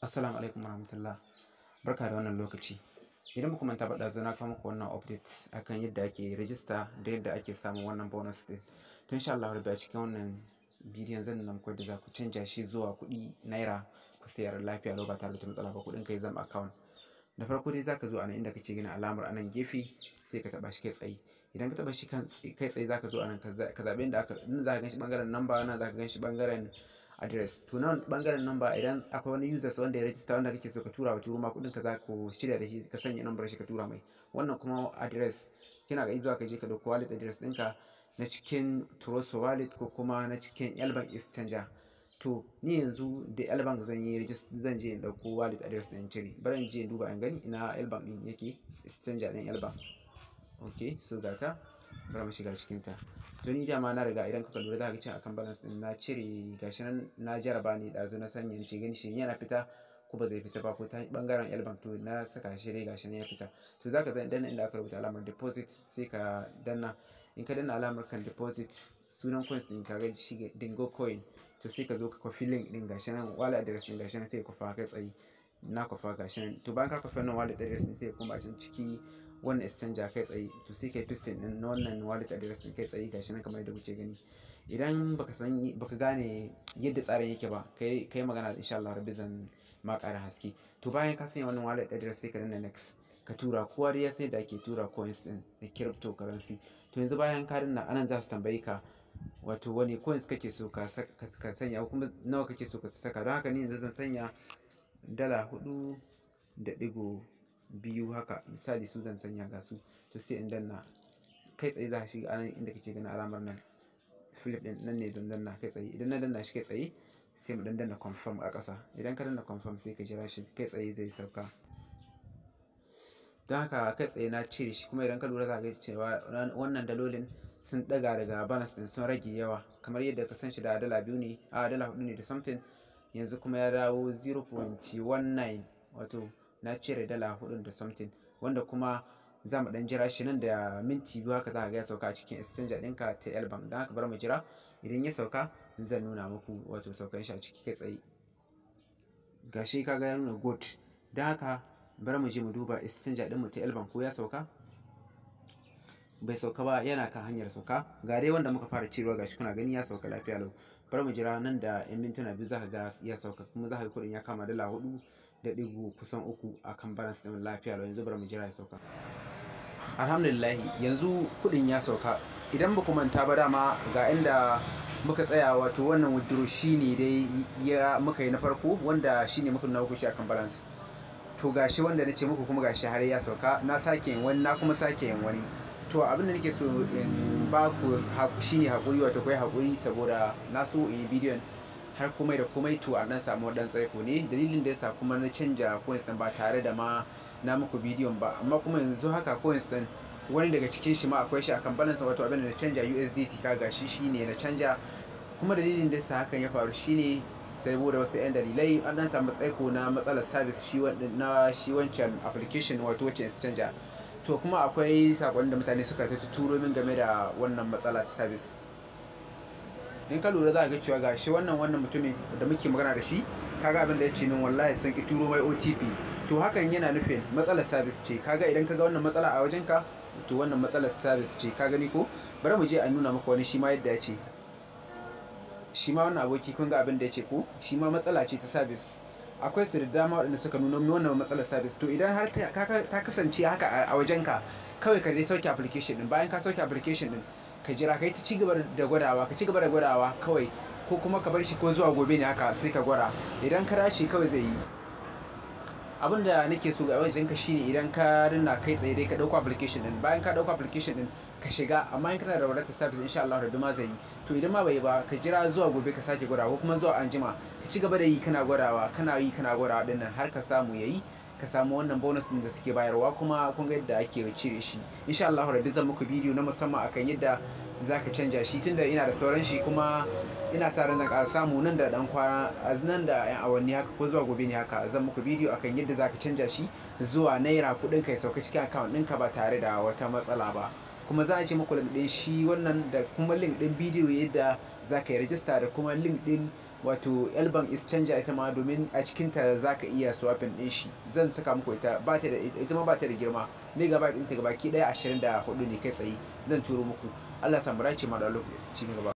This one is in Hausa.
Assalamu alaikum warahmatullah. Barka da wannan lokaci. Idan muku manta zo na kawo muku wannan update akan yadda ake rijista da yadda ake samun wannan bonus din. To insha Allah rabbi a cikin wannan bidiyon zan nuna muku yadda za ku canja shi zuwa kuɗi naira ku sayar lafiya lau ba tare da matsala ba kuɗin kai zam account. Da farko dai zaka zo a nan inda kake gina alamar a nan gefe sai ka taɓa shi kai tsaye. Idan ka taɓa shi kai tsaye zaka zo a nan ka zaɓi inda aka inda zaka ganshi ɓangaren na nan ka ganshi ɓangaren address to nan bangaren number idan akwai wani users wanda ya register wanda kake so ka tura wa turo ma kudin ka za ku shirya da shi ka sanya number shi ka tura mai wannan kuma address kina ga zuwa ka je ka dauko wallet address ɗinka na cikin Trust wallet ko kuma na cikin Elbank Exchanger to ni yanzu da Elbank zan yi zan je in dauko wallet address ɗin cire bari in je in duba in gani ina Elbank ɗin yake Exchanger ɗin Elbank okay so gata bar ma shiga cikin ta to ni dama na riga idan kuka lura za ka cin akan balance din na cire gashi nan na jaraba ne dazu na sanya ni ce gani shi yana fita ko ba zai fita ba ko ta bangaren album to na saka shi dai gashi nan ya fita to zaka zan danna inda aka rubuta alamar deposit sai ka danna in ka danna alamar kan deposit sunan coins din ka ga shi dingo coin to sai ka zo ka kofi link din gashi nan wallet address din gashi nan sai ka kai tsaye na kwafa gashin to bayan ka kwafa wannan wallet address din sai kuma gashin ciki wannan exchange kai tsaye to sai kai piston din na wannan wallet address din kai tsaye gashin nan kamar yadda kuke gani idan baka san baka gane yadda tsarin yake ba kai kai magana da insha Allah rabbi zan ma ƙara haske to bayan ka sanya wannan wallet address sai ka danna next ka tura kowa har ya sai da ake tura coins din da cryptocurrency to yanzu bayan ka danna anan za su tambaye ka wato wani coins kake so ka sanya kuma nawa kake so ka saka don haka ni yanzu zan sanya dala hudu da digo biyu haka misali su zan sanya ga su to sai in danna kai tsaye za ka shiga anan inda kake ganin alamar nan flip din nan ne don danna kai tsaye idan na danna shi kai tsaye sai mu danna confirm a ƙasa idan ka danna confirm sai ka jira shi kai tsaye zai sauka don haka kai tsaye na cire shi kuma idan ka lura za ka cewa wannan dalolin sun daga daga balance din sun rage yawa kamar yadda ka san shi da dala biyu ne a dala hudu ne da something yanzu kuma ya dawo 0.19 wato na cire dala hudu da something wanda kuma za mu dan jira shi nan da minti biyu haka za ka ga ya sauka a cikin exchange ɗinka ta elbank don haka bar mu jira idan ya sauka zan nuna muku wato saukan shi a ciki kai tsaye ka ga ya nuna gold don haka bar mu je mu duba exchange mu ta elbank ko ya sauka bai sauka ba yana kan hanyar sauka ga dai wanda muka fara cirewa gashi kuna gani ya sauka lafiya lau bari mu jira nan da yan mintuna biyu zaka ga ya sauka kuma zaka ga kuɗin ya kama dala hudu da digo kusan uku a kan balance din lafiya lau yanzu bari mu jira ya sauka alhamdulillah yanzu kuɗin ya sauka idan ba ku manta ba dama ga inda muka tsaya wato wannan withdraw shine dai ya muka yi na farko wanda shine muka nuna hukunci akan balance to gashi wanda nace muku kuma gashi har ya sauka na sake yin wani na kuma sake yin wani to abin da nake so in ba ku shine hakuri wato kai hakuri saboda na so in yi bidiyon har komai da komai to a nan samu dan tsaiko ne dalilin da yasa kuma na canja coins din ba tare da ma na muku bidiyon ba amma kuma yanzu haka coins din wani daga cikin shi ma akwai shi akan balance wato abin da na canja USDT kaga shi shine na canja kuma dalilin da yasa hakan ya faru shine da wasu 'yan dalilai an dan samu tsaiko na matsalar service shi na shi wancan application wato wacce canja to kuma akwai saƙon da mutane suka ta turo min game da wannan matsala ta sabis? in ka lura za a ga cewa ga shi wannan wannan mutumin da muke magana da shi kaga abin da ya ce min wallahi sun ki turo mai OTP to hakan yana nufin matsalar sabis ce kaga idan ka ga wannan matsala a wajenka to wannan matsalar sabis ce ka gani ko bari mu je a nuna maka wani shi ma yadda ya ce shi ma wannan aboki kun ga abin da ya ce ko shi ma matsala ce ta service akwai su da dama waɗanda suka nuna wannan matsalar sabis to idan har ta kasance haka a wajen ka kawai ka dai sauke application din bayan ka sauke application din ka jira ka yi ta cigaba da gwadawa ka cigaba da gwadawa kawai ko kuma ka bar shi ko zuwa gobe ne haka sai ka gwara idan ka dace kawai zai yi abin da nake so ga wajen ka shine idan ka rinna kai tsaye dai ka dauko application din bayan ka dauko application din ka shiga amma in kana da wadatar service insha Allah rabbi ma zai to idan ma bai ba ka jira zuwa gobe ka sake gwadawa kuma zuwa anjima ka ci gaba da yi kana gwadawa kana yi kana gwadawa din nan har ka samu yayi ka samu wannan bonus din da suke bayarwa kuma kun ga yadda ake cire shi insha Allah rabbi zan muku bidiyo na musamman akan yadda za ka canja shi tunda ina da sauran shi kuma ina sa ran ƙara samu nan da dan kwana nan da yan awanni haka ko zuwa gobe ne haka zan muku bidiyo akan yadda za ka canja shi zuwa naira kuɗin kai sauka cikin account ɗinka ba tare da wata matsala ba kuma za a ce muku link ɗin shi wannan da kuma link ɗin bidiyo yadda za ka yi rajista da kuma link ɗin wato elban is canja ita ma domin a cikinta za ka iya swapping ɗin shi zan saka muku ita ba ta da ita ma ba ta da girma megabyte ɗinta gabaki ɗaya ne kai tsaye zan turo muku Allah Sambara dace ma da lokaci gaba